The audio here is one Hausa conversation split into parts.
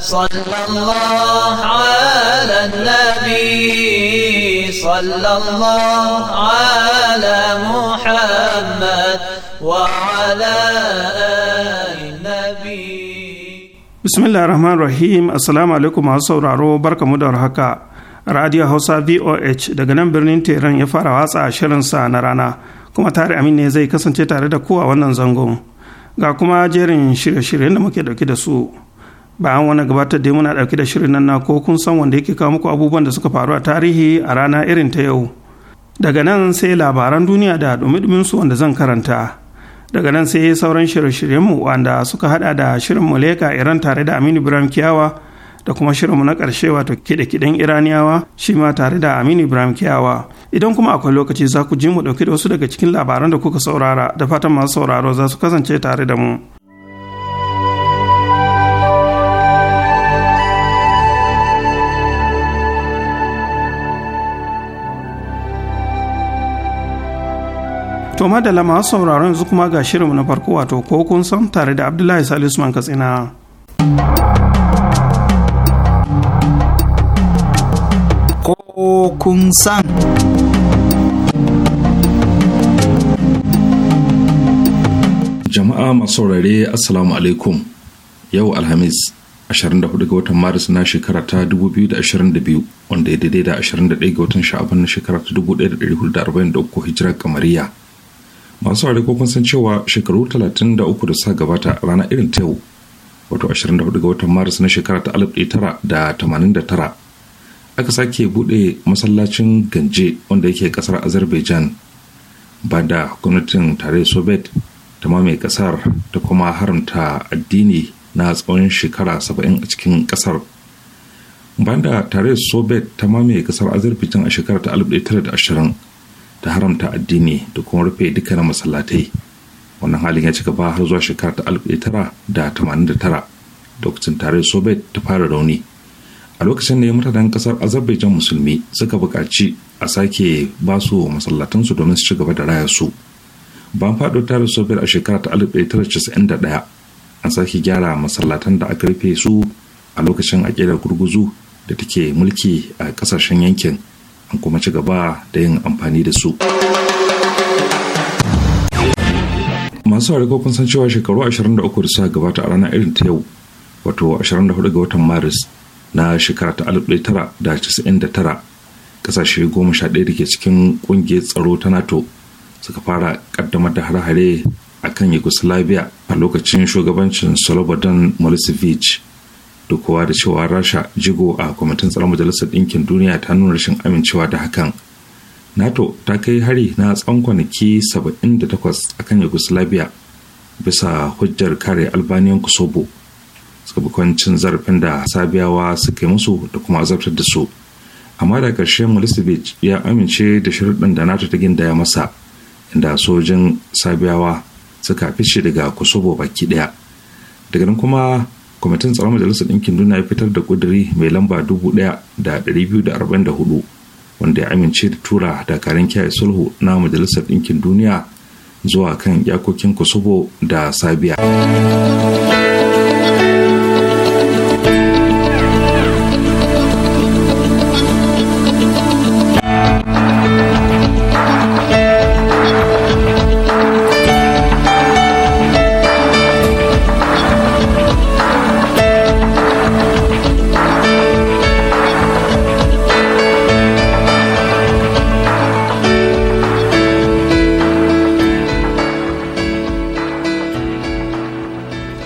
صلى الله على النبي صلى الله على محمد وعلى bismillah rahman rahim assalamu alaikum masu sauraro barkamu da haka radio hausa voh daga nan birnin tehran ya fara watsa shirinsa na rana kuma tare amin ne zai kasance tare da kowa wannan zangon ga kuma jerin shirye-shiryen da muke dauke da su bayan wani gabatar da muna ɗauki da shirin nan na ko kun san wanda yake kawo muku abubuwan da suka faru a tarihi a rana irin ta yau daga nan sai labaran duniya da dumi su wanda zan karanta daga nan sai sauran shirye shiryen mu wanda suka hada da shirin muleka iran tare da aminu ibrahim kiyawa da kuma shirin mu na ƙarshe wato kiɗe-kiɗen iraniyawa shi ma tare da aminu ibrahim kiyawa idan kuma akwai lokaci za ku ji mu ɗauki da wasu daga cikin labaran da kuka saurara da fatan masu sauraro za su kasance tare da mu To da masu sauraron yanzu kuma ga shirinmu na farko wato ko kun san tare da Abdullahi Salisu man Katsina. Ko kun san. Jama'a masu saurare Assalamu alaikum. Yau Alhamis 24 ga watan Maris na shekara ta 2022 wanda ya daidai da 21 ga watan sha'aban na shekara ta 1443 hijirar kamariya. masu ware ko kun san cewa shekaru 33 da suka gabata rana irin ta yau wato 24 ga watan maris na shekara ta 1989 aka sake bude masallacin ganje wanda yake kasar azerbaijan ba da gwamnatin tare soviet ta mamaye kasar ta kuma haramta addini na tsawon shekara 70 a cikin kasar banda tare soviet ta mamaye kasar azerbaijan a shekara ta 1920 ta haramta addini da kuma rufe dukkanin masallatai wannan halin ya ci gaba har zuwa shekara ta alif tara da da tamanin tara lokacin tare soviet ta fara rauni a lokacin ne mutanen kasar azerbaijan musulmi suka buƙaci a sake ba su masallatansu domin su ci gaba da raya su ban faɗo tare soviet a shekara ta alif ɗaya an sake gyara masallatan da aka rufe su a lokacin aƙidar gurguzu da take mulki a ƙasashen yankin an kuma ci gaba da yin amfani da su masu harika kun san cewa shekaru 23 da suka gabata a ranar irin ta yau wato 24 ga watan maris na shekara ta 1999 kasashe goma sha ɗaya da ke cikin ƙungiyar tsaro ta nato suka fara ƙaddamar da hare-hare a kan yugoslavia a lokacin shugabancin slobodan milosevic kowa da cewa rasha jigo a kwamitin tsaron majalisar ɗinkin duniya ta nuna rashin amincewa da hakan nato ta kai hari na tsawon kwanaki 78 akan yugoslavia bisa hujjar kare albaniyan kosovo suka cin zarafin da sabiyawa suka yi musu da kuma azabtar da su amma da ƙarshe milicevic ya amince da sharuɗin da nato ta gindaya masa inda sojin sabiyawa suka fice daga kosovo baki ɗaya daga nan kuma kwamitin tsaron majalisar ɗinkin duniya ya fitar da ƙuduri mai lamba 1,244 wanda ya amince da tura dakarun kiyaye sulhu na majalisar ɗinkin duniya zuwa kan iyakokin kosovo da sabiya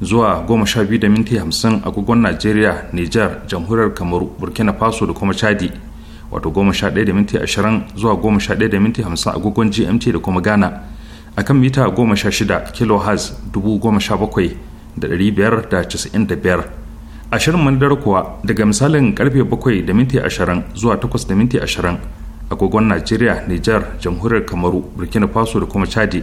zuwa goma sha biyu da agogon najeriya nijar jamhuriyar kamaru burkina faso da kuma chadi wato goma sha ɗaya da zuwa goma sha ɗaya da minti hamsin agogon gmt da kuma ghana a kan mita goma sha shida A dubu goma bakwai da da da biyar ashirin kuwa daga misalin karfe bakwai da minti ashirin zuwa takwas da minti ashirin agogon najeriya nijar jamhuriyar kamaru burkina faso da kuma chadi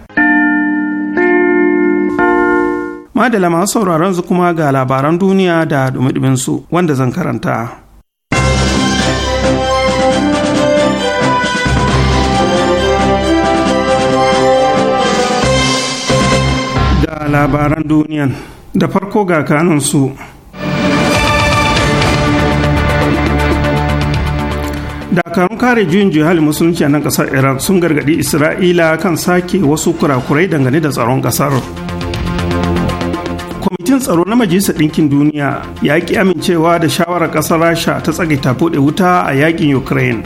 Madala masu sauraron su kuma ga labaran duniya da dumi su wanda zan karanta. Ga labaran duniyan da farko ga kanunsu. dakarun kare juyin juhal musulunci a nan kasar iraq sun gargadi isra'ila kan sake wasu kurakurai dangane da tsaron kasar. kwamitin tsaro na majalisar ɗinkin duniya ya ki amincewa da shawarar ƙasar rasha ta tsagaita buɗe wuta a yakin ukraine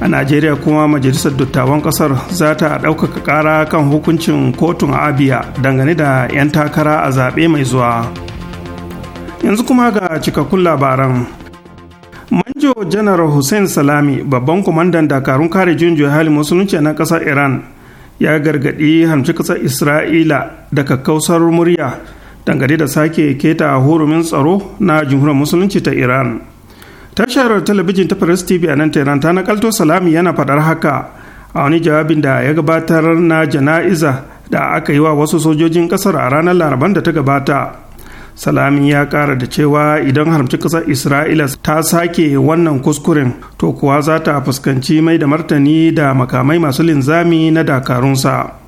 a najeriya kuma majalisar dattawan ƙasar za ta ɗaukaka ƙara kan hukuncin kotun abia dangane da 'yan takara a zaɓe mai zuwa yanzu kuma ga cikakkun labaran manjo janar hussein salami babban kwamandan dakarun kare juyin juya hali musulunci na ƙasar iran ya gargaɗi hamci ƙasar isra'ila da kakkausar murya dangane da sake keta hurumin tsaro na jamhuriyar musulunci ta iran tashar talabijin ta press tv a nan tehran ta nakalto salami yana faɗar haka a wani jawabin da ya gabatar na jana'iza da aka yi wa wasu sojojin ƙasar a ranar laraban da ta gabata salami ya kara da cewa idan harmci kasar isra'ila ta sake wannan kuskuren to kuwa za ta fuskanci mai da martani da makamai masu linzami na dakarunsa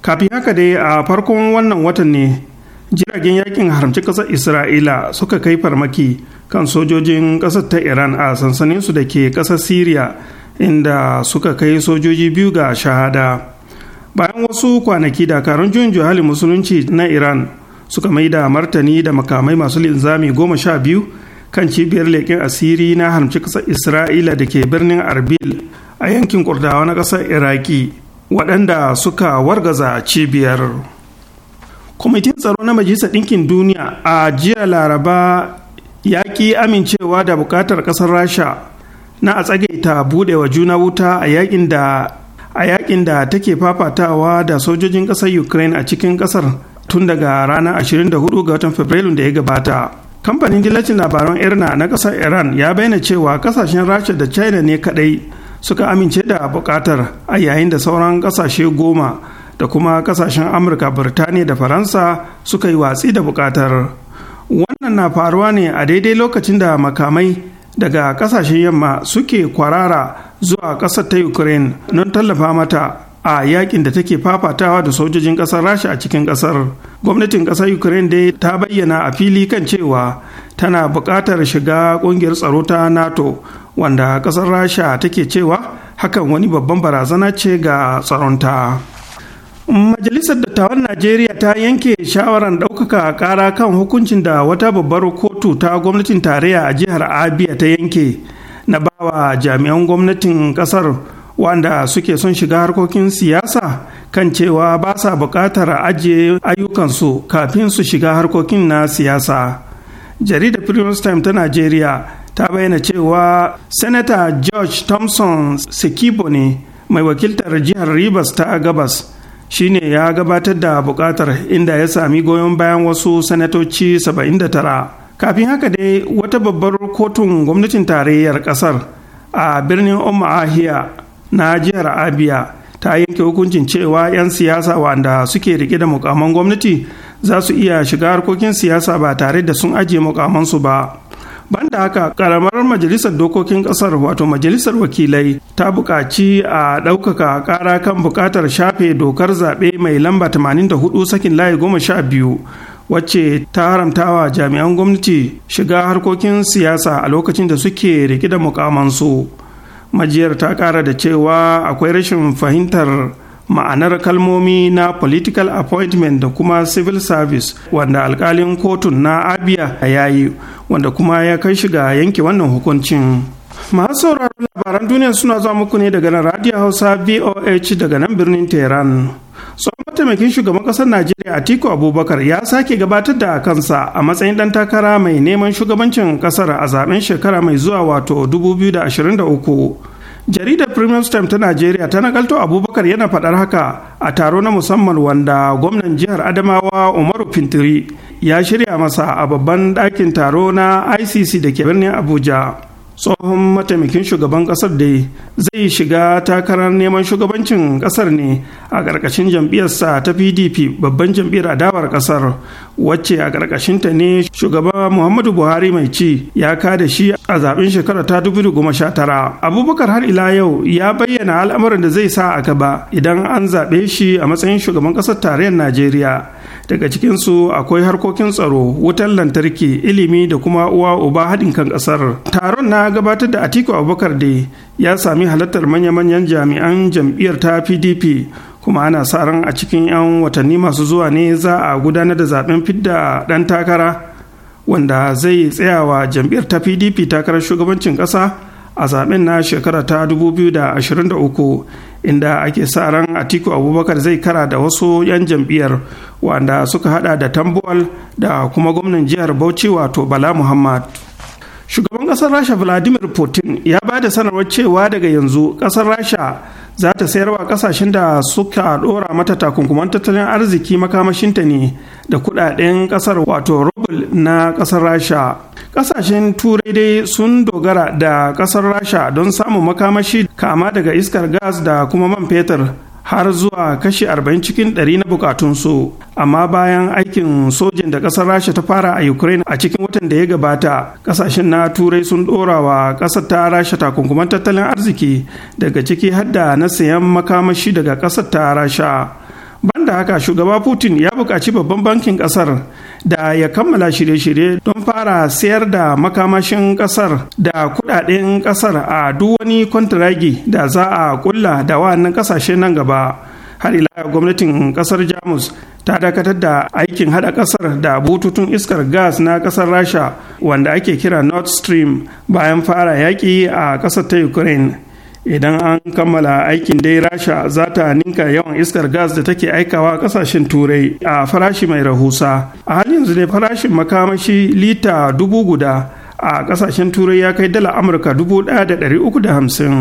kafin haka dai a farkon wannan watan ne jiragen yakin haramci kasar isra'ila suka kai farmaki kan sojojin kasar ta iran a sansaninsu da ke kasar syria inda suka kai sojoji biyu ga shahada bayan wasu kwanaki dakarun juyin musulunci na iran suka mai da martani da makamai masu linzami goma sha biyu kan cibiyar leƙen asiri na harmci ƙasar isra'ila da ke birnin arbil a yankin kurdawa na ƙasar iraki waɗanda suka wargaza cibiyar kwamitin tsaro na majalisar ɗinkin duniya a jiya laraba ya ƙi amincewa da buƙatar ƙasar rasha na a ta buɗe wa juna wuta a yaƙin da a yakin da take fafatawa da sojojin ƙasar ukraine a cikin ƙasar tun daga ranar 24 ga watan Fabrairu da ya gabata kamfanin dillacin labaran irna na ƙasar iran ya bayyana cewa ƙasashen rasha da china ne kaɗai suka amince da buƙatar a yayin da sauran ƙasashe goma da kuma ƙasashen amurka birtaniya da faransa suka yi watsi da buƙatar wannan na faruwa ne a daidai lokacin da makamai daga ƙasashen yamma suke kwarara zuwa ƙasar ta ukraine don tallafa mata a yakin da take fafatawa da sojojin kasar rasha a cikin kasar gwamnatin kasar ukraine dai ta bayyana a fili kan cewa tana buƙatar shiga ƙungiyar tsaro ta nato wanda kasar rasha take cewa hakan wani babban barazana ce ga tsaronta majalisar dattawan najeriya ta yanke shawarar ɗaukaka ƙara kan hukuncin da wata babbar kotu ta gwamnatin tarayya a jihar abia ta yanke na bawa jami'an gwamnatin ƙasar wanda suke son shiga harkokin siyasa kan cewa ba sa buƙatar ajiye ayyukansu kafin su shiga harkokin na siyasa jaridar primus time ta najeriya ta bayyana cewa senator george thompson sekibo ne mai wakiltar jihar rivers ta gabas shi ne ya gabatar da buƙatar inda ya sami goyon bayan wasu sanatoci 79 kafin haka dai wata babbar kotun gwamnatin tarayyar ƙasar a birnin omahiya na jihar abia ta yanke hukuncin cewa 'yan siyasa wanda suke rike da mukaman gwamnati za su iya shiga harkokin siyasa ba tare da sun ajiye mukamansu ba banda haka karamar majalisar dokokin kasar wato majalisar wakilai ta buƙaci a ɗaukaka ƙara kan buƙatar shafe dokar zaɓe mai lamba 84 sakin layi 12 wacce ta haramtawa jami'an gwamnati shiga harkokin siyasa a lokacin da suke rike da mukamansu majiyar ta kara da cewa akwai rashin fahimtar ma'anar kalmomi na political appointment da kuma civil service wanda alkalin kotun na abia ya yi wanda kuma ya kai shiga yanke wannan hukuncin masu sauraron labaran duniya suna zuwa muku ne daga nan radio hausa voh daga nan birnin tehran tsohon mataimakin shugaban ƙasar najeriya atiku abubakar ya sake gabatar da kansa a matsayin ɗan takara mai neman shugabancin ƙasar a zaben shekara mai zuwa wato 2023 jaridar premium time ta najeriya ta nakalto abubakar yana faɗar haka a taro na musamman wanda gwamnan jihar adamawa umaru fintiri ya shirya masa a babban ɗakin taro na icc da ke birnin abuja tsohon mataimakin shugaban kasar da zai shiga takarar neman shugabancin kasar ne a ƙarƙashin jam'iyyarsa ta pdp babban jam'iyyar adawar kasar wacce a ƙarƙashinta ne shugaba muhammadu buhari mai ci ya ka da shi a zaben shekara ta 2019 abubakar har ila yau ya bayyana al'amarin da zai sa a gaba idan an zaɓe shi a matsayin shugaban ƙasar tarayyar najeriya daga cikinsu akwai harkokin tsaro wutar lantarki ilimi da kuma uwa uba haɗin kan ƙasar taron na gabatar da atiku abubakar da ya sami halartar manya-manyan jami'an jam'iyyar ta pdp kuma ana sa ran a cikin 'yan watanni masu zuwa ne za a gudanar da zaben fidda ɗan takara wanda zai tsayawa jam'iyyar ta pdp takarar shugabancin ƙasa a zaben na shekara ta 2023 inda ake sa ran atiku abubakar zai kara da wasu 'yan jam'iyyar wanda suka hada da tambuwal da kuma gwamnan jihar bauchi wato bala muhammad shugaban ƙasar rasha vladimir putin ya ba da sanarwar cewa daga yanzu ƙasar rasha za ta wa kasashen da suka dora mata takunkuman tattalin arziki makamashinta ne da kudaden kasar wato rubel na kasar rasha kasashen turai dai sun dogara da kasar rasha don samun makamashi kama daga iskar gas da kuma man fetur har zuwa kashi 40 cikin 100 na bukatunsu amma bayan aikin sojin da kasar rasha ta fara a ukraine a cikin watan da ya gabata kasashen na turai sun dora wa kasar ta rasha takunkuman tattalin arziki daga ciki hadda na sayan makamashi daga kasar ta rasha banda haka shugaba putin ya bukaci babban bankin kasar da ya kammala shirye-shirye don fara sayar da makamashin kasar da kudaden kasar a duk wani kwantiragi da za a kulla da wa'annan kasashe nan gaba har ila gwamnatin kasar jamus ta dakatar da aikin hada kasar da bututun iskar gas na kasar rasha wanda ake kira "North stream bayan fara yaƙi a kasar ta ukraine idan an kammala aikin dai rasha za ta ninka yawan iskar gas da take aikawa kasashen turai a farashi mai rahusa a halin yanzu ne farashin makamashi lita dubu guda a kasashen turai ya kai dala amurka dubu ɗaya da ɗari uku da hamsin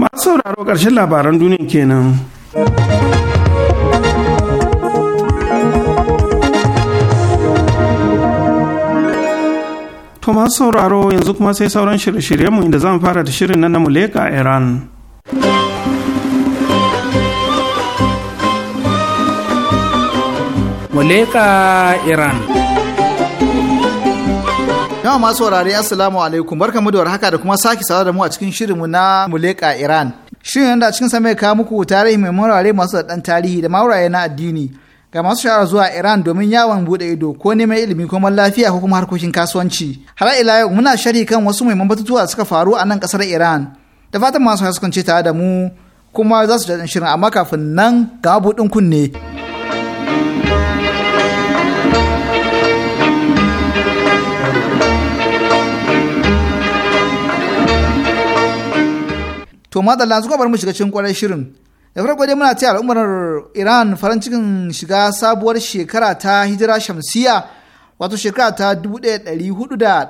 masu sauraro ƙarshen labaran duniya kenan. kuma sauraro yanzu kuma sai sauran shirye-shiryenmu inda zan fara da shirin nan na Muleka Iran. Muleka Iran. Yawa masu wurare Assalamu alaikum barkamu da warhaka da kuma sake sawa da mu a cikin shirinmu na Muleka Iran. Shirin yadda cikin sa mai kawo muku tarihi mai murare masu da tarihi da mauraye na addini. ga masu sha'awar zuwa Iran domin yawon bude ido ko neman ilimi ko lafiya ko kuma harkokin kasuwanci. Har ila yau muna shari kan wasu muhimman batutuwa da suka faru a nan kasar Iran. Da fatan masu haskance tare da mu kuma za su jaɗin shirin amma kafin nan ga buɗin kunne. To madalla zuwa bar mu shiga cikin kwarar shirin da farko dai muna taya al'ummar iran farin cikin shiga sabuwar shekara ta hijira shamsiya wato shekara ta 1401 da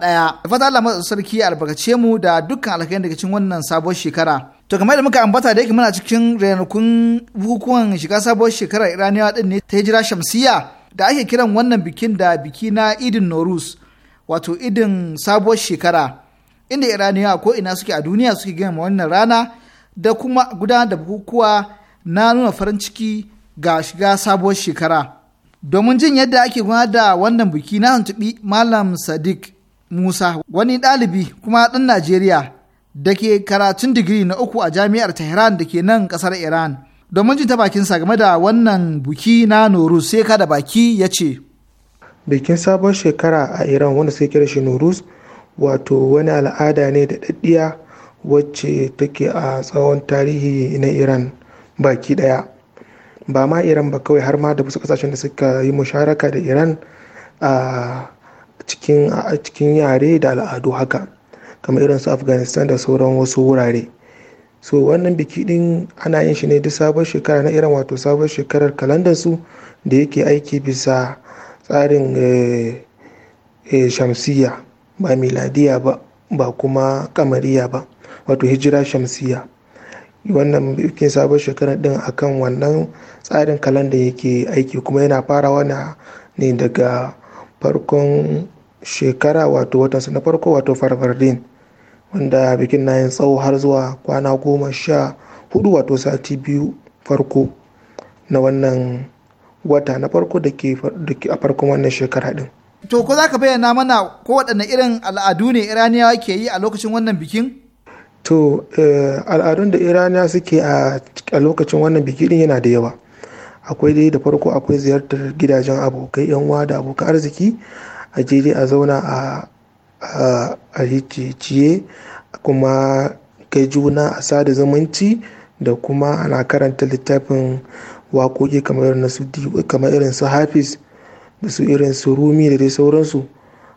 fata allah masu sarki albarkace mu da dukkan alkhairin daga cikin wannan sabuwar shekara to kamar da muka ambata da yake muna cikin ranakun bukukuwan shiga sabuwar shekara iraniya din ne ta hijira shamsiya da ake kiran wannan bikin da biki na idin norus wato idin sabuwar shekara inda iraniya ko ina suke a duniya suke gina wannan rana da kuma gudanar da bukukuwa na nuna farin ciki ga shiga sabuwar shekara. Domin jin yadda ake gudanar da wannan biki na tuntuɓi Malam Sadiq Musa wani ɗalibi kuma ɗan Najeriya da ke karatun digiri na uku a jami'ar Tehran da ke nan ƙasar Iran. Domin jin ta bakinsa game da wannan buki na Noru sai ka da baki ya ce. Bikin sabon shekara a Iran wanda sai kira shi Noruz wato wani al'ada ne da ɗaɗɗiya wacce take a tsawon tarihi na iran baki daya ba ma iran ba kawai har ma da wasu kasashen da suka yi musharaka da iran a cikin yare da al'adu haka kamar irin su afghanistan da sauran wasu wurare so wannan biki din ana yin shi ne duk sabon shekara na iran wato sabon shekarar kalandarsu su da yake aiki bisa tsarin eh, eh, shamsiya ba miladiya ba ba kuma kamariya ba wato hijira shamsiya wannan bikin sabon shekarar din akan wannan tsarin kalanda yake aiki kuma yana farawa na ne daga farkon shekara wato watansa na farko wato farfardin wanda bikin na yin tsawo har zuwa kwana goma sha hudu wato sati biyu farko na wannan wata na farko da ke a farkon wannan shekara din to ko za ka bayyana mana ko waɗanne irin al'adu ne iraniyawa ke yi a lokacin wannan bikin to eh, al'adun da iraniya suke a lokacin wannan biki din yana da yawa akwai dai da farko akwai ziyartar gidajen abokai yan uwa da abokan arziki a je a zauna a a ciye kuma kai juna a sada zumunci da kuma ana karanta littafin waƙoƙi kamar irin su hafiz da su irin su rumi da dai sauransu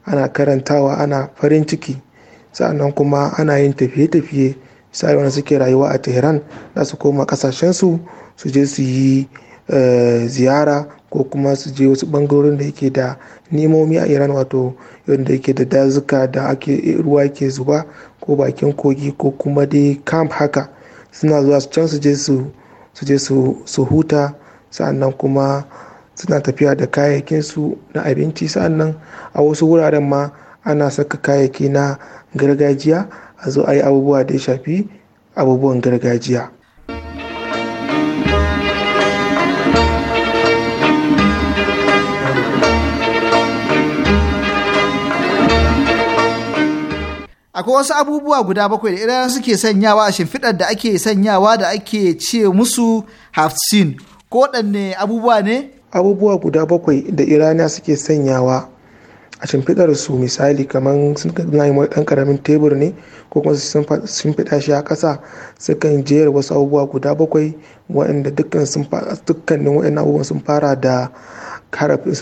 ana karantawa ana farin ciki sa'annan kuma ana yin tafiye-tafiye sai wanda suke rayuwa a tehran za su koma kasashensu su je su yi eh, ziyara ko kuma su je wasu bangarorin da yake da nemomi a iran wato yadda yake da dazuka da ake ruwa ke zuba ko bakin kogi ko kuma dai camp haka suna zuwa su can su je su huta sa'annan kuma suna tafiya da kayayyakinsu na abinci sa'annan a wasu wuraren ma ana saka kayayyaki na gargajiya a zo a yi abubuwa da ya shafi abubuwan gargajiya akwai wasu abubuwa guda bakwai da idan suke sanyawa a shimfiɗar da ake sanyawa da ake ce musu hafsin ko waɗanne abubuwa ne abubuwa guda bakwai da irana suke sanyawa a shimfiɗar su misali kamar sun na yi ɗan karamin tebur ne ko kuma sun fiɗa shi a ƙasa sukan jera wasu abubuwa guda bakwai waɗanda dukkan sun dukkanin waɗannan abubuwan sun fara da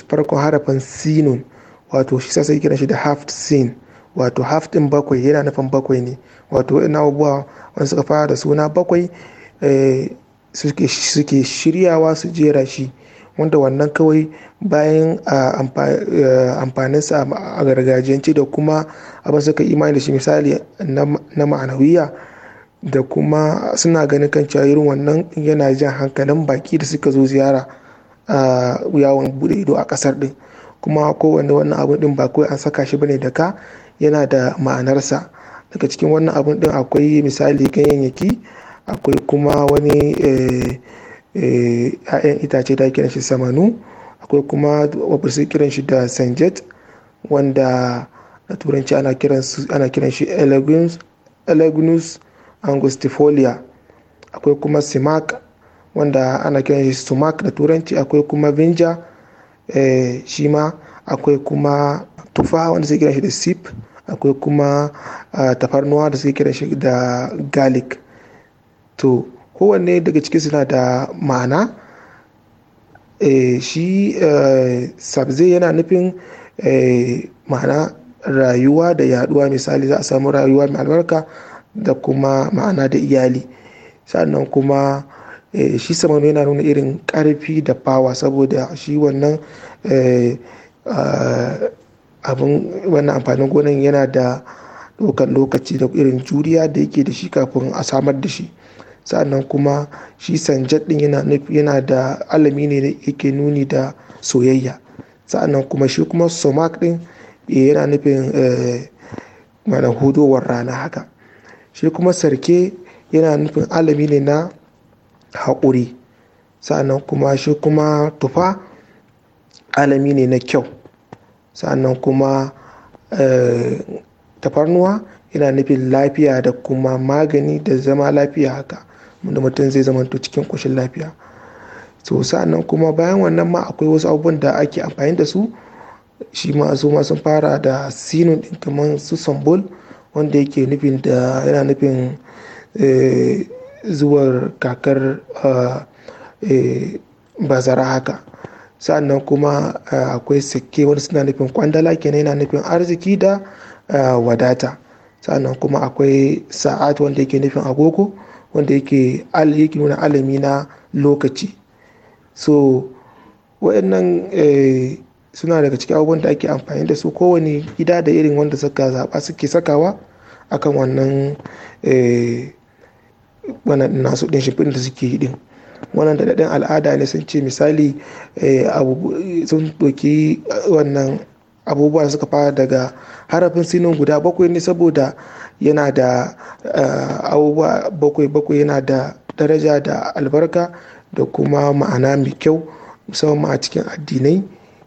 farkon harafin sinun wato shi sai kiran shi da half sin wato half din bakwai yana nufin bakwai ne wato waɗannan abubuwa wanda suka fara da suna bakwai eh, suke shiryawa su jera shi wanda wannan kawai bayan e, amfaninsa a gargajiyance da kuma abin suka imani da shi misali na ma'anawiya da kuma suna ganin kan cewa irin wannan yana jan hankalin baki da suka zo ziyara a yawon bude ido a kasar din kuma kowane wannan abin din ba kawai an saka shi bane da ka yana da ma'anarsa daga cikin wannan abin din akwai misali ganyayyaki akwai kuma wani e, 'ya'yan eh, itace da kiran shi samanu akwai kuma wadda su kiran shi da sanjet wanda a turanci ana kiran shi elegnus angustifolia akwai kuma simak wanda ana kiran shi sumak da turanci akwai kuma vinja eh, shi ma akwai kuma tufa wanda suke kiran shi da sip akwai kuma ah, tafarnuwa da suke kiran shi da garlic to kowanne daga ciki suna da ma'ana eh, shi eh, sabze yana nufin eh, ma'ana rayuwa da yaduwa misali za a samu rayuwa mai albarka da kuma ma'ana da iyali sannan kuma shi samanu yana nuna irin karfi da fawa saboda shi wannan ah, abin wannan amfanin gonan yana da dokan lokaci da irin juriya da yake da shi kafin a samar da shi sannan kuma shi sanjad din yana da alami ne da yake nuni da soyayya sa'annan kuma shi kuma somak din eh, yana nufin eh, mana hudowar rana haka shi kuma sarke yana nufin alami ne na haƙuri sa'annan kuma shi kuma tufa alami ne na kyau sa'annan kuma eh, tafarnuwa yana nufin lafiya da kuma magani da zama lafiya haka da mutum zai zama cikin ƙoshin lafiya so sa'annan kuma bayan wannan ma akwai wasu abubuwan da ake amfani da su shi ma su ma sun fara da sinu din kamar su sambol wanda yake nufin da yana nufin eh, zuwar kakar ah, eh, bazara haka sa'annan kuma ah, akwai sake wani suna nufin kwandala kenan yana nufin arziki da ah, wadata sa'annan kuma akwai sa'at wanda yake nufin agogo wanda yake nuna alami na lokaci so waɗannan eh, suna daga cikin abubuwan da ake amfani da su kowane gida da irin wanda suka zaɓa suke sakawa akan wannan eh, nasu ɗin da suke yi ɗin wannan da daɗin al'ada ne sun ce misali eh, sun ɗauki wannan abubuwa suka fara daga harafin sinin guda bakwai ne saboda yana da eh, abubuwa bakwai bakwai yana da daraja da albarka da kuma ma'ana mai kyau musamman a cikin addinai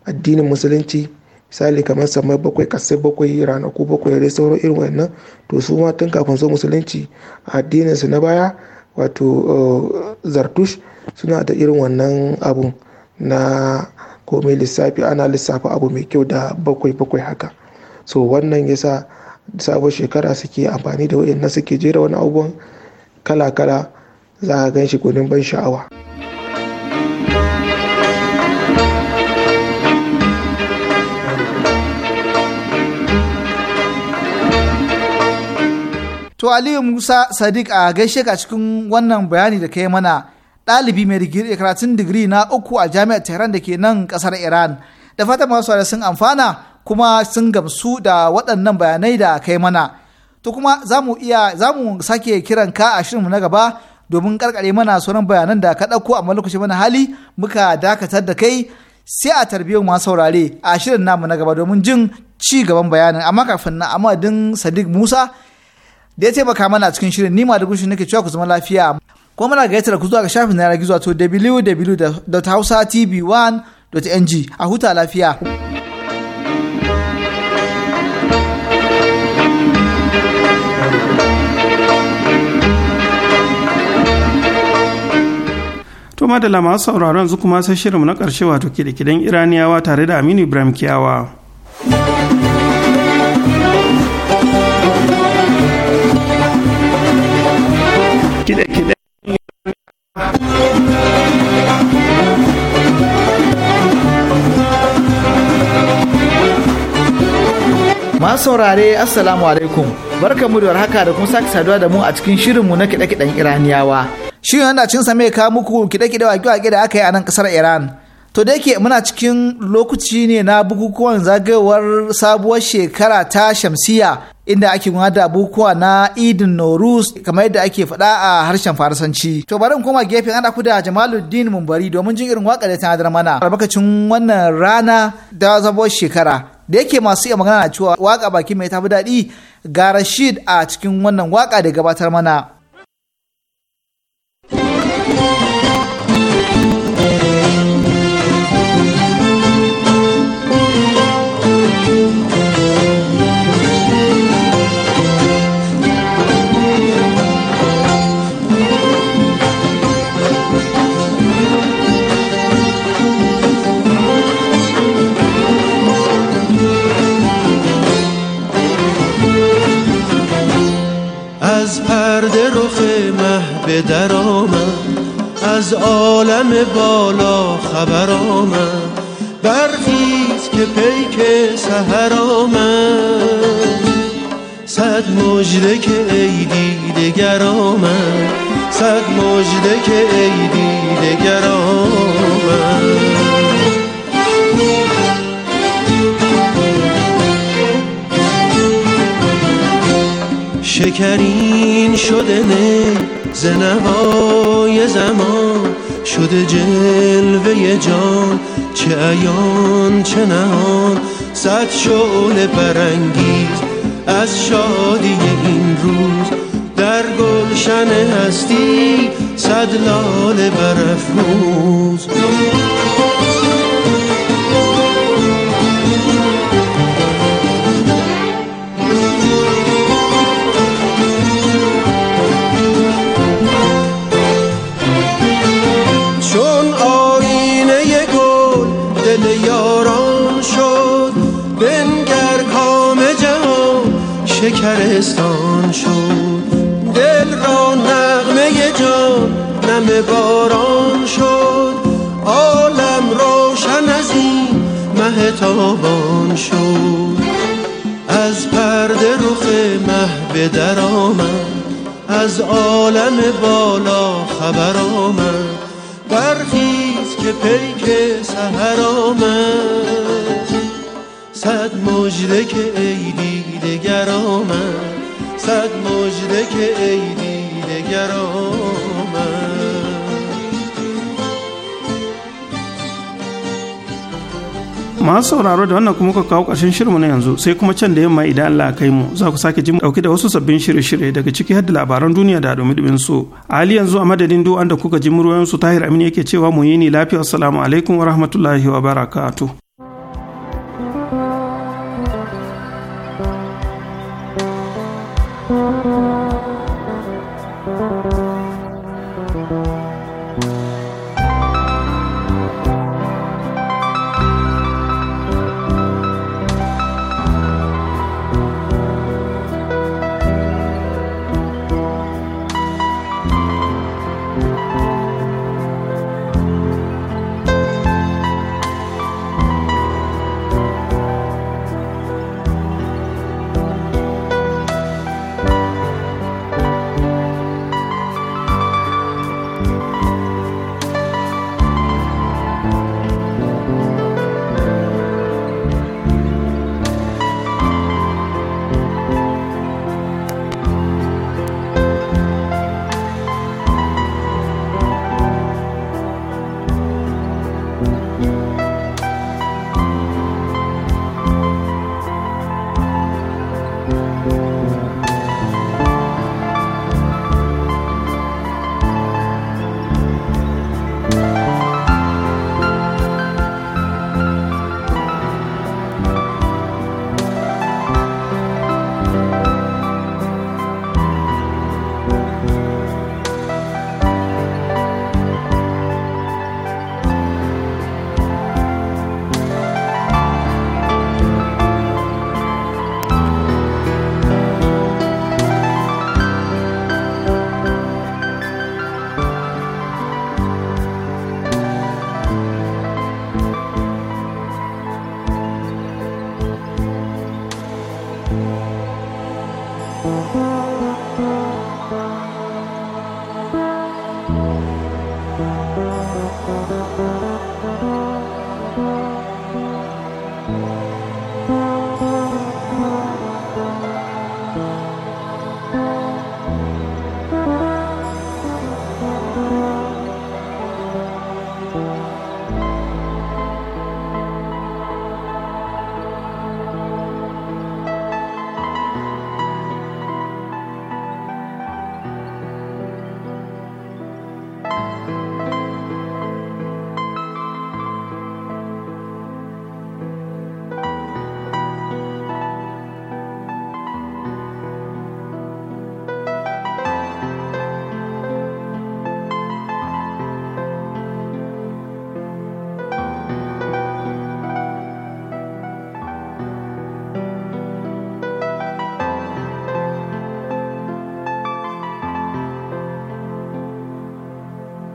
addinin musulunci misali kamar samar bakwai kasar bakwai ranaku bakwai da sauran irin wannan to su ma tun kafin zo musulunci addinin su na baya wato eh, zartush suna da irin wannan abun na komai lissafi ana lissafa abu mai kyau da bakwai bakwai haka so wannan yasa sabon shekara suke amfani da waɗanda suke jera wani abubuwan kala-kala za a gan shi gudun ban sha'awa. To Aliyu Musa Sadiq a gaishe ka cikin wannan bayani da kai mana ɗalibi mai karatun digiri na uku a jami'ar Tehran da ke nan ƙasar Iran. Da fata masu sun amfana kuma sun gamsu da waɗannan bayanai da kai mana to kuma za mu iya za mu sake kiran ka a shirinmu na gaba domin karkare mana sauran bayanan da ka ɗauko amma lokacin mana hali muka dakatar da kai sai a tarbiyyar ma saurare a shirin namu na gaba domin jin ci gaban bayanin amma kafin na amadin sadiq musa da ya taimaka mana a cikin shirin ni nima da gushi nake cewa ku zama lafiya kuma muna gayyatar ku zuwa ga shafin yanar gizo to www.hausatv1.ng a huta lafiya. To da masu sauraron yanzu kuma sai shirinmu na ƙarshe wato kiɗe-kiɗen Iraniyawa tare da Aminu Ibrahim Kiyawa. Masu saurare Assalamu alaikum, barkamu da haka' da kun sake saduwa da mu a cikin shirinmu na kiɗe-kiɗen Iraniyawa. shi yana cin sa mai kawo muku kiɗe kide wa kiwa da aka yi a nan ƙasar iran to da yake muna cikin lokaci ne na bukukuwan zagayowar sabuwar shekara ta shamsiya inda ake da bukukuwa na idin norus kamar yadda ake faɗa a harshen farisanci to bari koma gefe ana ku da jamaluddin bari domin jin irin waƙar da hadar mana albarkacin wannan rana da sabuwar shekara da yake masu iya magana cewa waƙa baki mai tafi daɗi ga rashid a cikin wannan waƙa da gabatar mana عالم بالا خبر آمد برخیز که پیک سهر آمد صد مجده که ای دیدگر آمد صد مجده که ای دیدگر آمد شکرین نه زنهای زمان شده جلوه جان چه ایان چه نهان صد شعل برانگیز از شادی این روز در گلشن هستی صد لاله برافروز عالم باران شد عالم روشن از این مه تابان شد از پرده رخ مه به در آمد از عالم بالا خبر آمد برخیز که پیک سهر آمد صد مجده که ای دیدگر آمد صد مجده که ای دیدگر آمد masu sauraro da wannan kuma ka kawo ƙarshen shirinmu na yanzu sai kuma can da yamma idan Allah kai mu za ku sake jin dauke da wasu sabbin shirye-shirye daga ciki har da labaran duniya da dumi su a hali yanzu a madadin duk da kuka ji muryoyin su tahir amin yake cewa mu yi ni lafiya assalamu alaikum wa rahmatullahi wa barakatu.